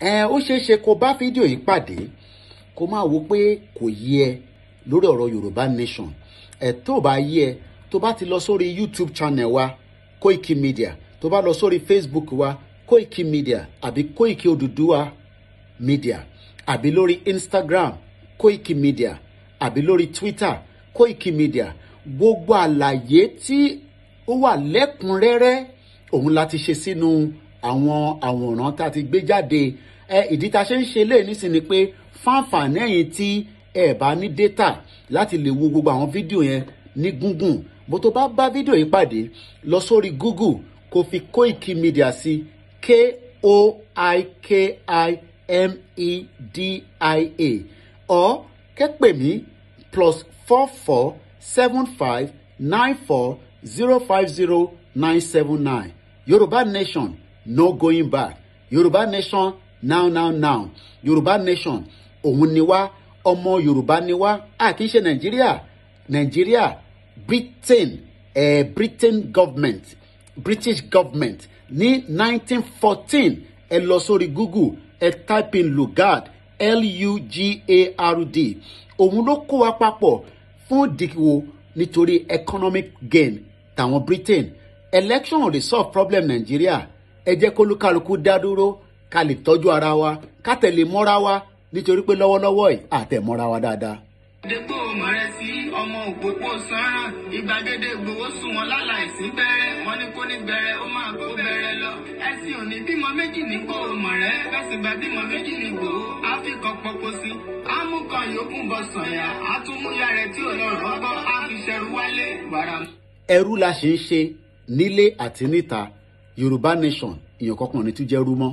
ẹ ó ṣeé ṣe kó bá fídíò yìí pàdé kó máa wo pé kò yẹ lórí ọ̀rọ̀ Yorùbá Nation ẹ tó bá yẹ tó bá ti lọ sórí YouTube channel wa Koiki Media tó bá lọ sórí Facebook wa Koiki Media àbí Koiki wa Media àbí lórí Instagram Koiki Media àbí lórí Twitter Koiki Media gbogbo àlàyé tí ó wà lẹ́kùnrẹ́rẹ́ òun la ti ṣe sínú. Si àwọn àwòrán tá a ti gbé jáde ẹ ìdí tá a ṣe ń ṣe léyìí nísìnyí ni pé fáǹfààní ẹ̀yin tí ẹ bá ní data láti lè wo gbogbo àwọn fídíò yẹn ní gúngùn bó tó bá bá fídíò yìí pàdé lọ sórí Google kó fi Koiki Media sí k-o-i-k-i-m-e-d-i-a ọ kẹ́pẹ́ mi plus four four seven five nine four zero five zero nine seven nine Yorùbá Nation no going back yorùbá nation now now now yorùbá nation òun ni wá ọmọ yorùbá ni wá a kì ṣe nàìjíríà nàìjíríà britain eh, britain government british government ní fourteen, ẹ lọ sórí google ẹ type in lugard l-u-g-a-r-d òun ló kó wa papọ̀ fún ìdíwọ́ nítorí economic gain tàwọn britain election resolve problem nàìjíríà ẹ jẹ́ kó lúkálukú dá dúró ká lè tọ́jú ara wa ká tẹ̀lé mọ́ra wa nítorí pé lọ́wọ́lọ́wọ́ yìí àtẹ̀mọ́ra wa dáadáa. dépò mọ̀rẹ́sì ọmọ òpópó sanra ìgbàgede ìgbowó sùn wọn láláìsí bẹ̀rẹ̀ wọn ní kó ní bẹ̀rẹ̀ ó máa kó bẹ̀rẹ̀ lọ ẹ̀sìn òní bímọ méjì ní kó o mọ̀ rẹ́ bímọ méjì ní kó o pọpọ sí á yòókù bọ sànyà á tún tí ò lọ rọ́bọ́ á wálé wàrà. ẹrú la ṣe ń ṣe nílé àti níta yorùbá nation èèyàn kọkàn ní tún jẹ́ rú mọ́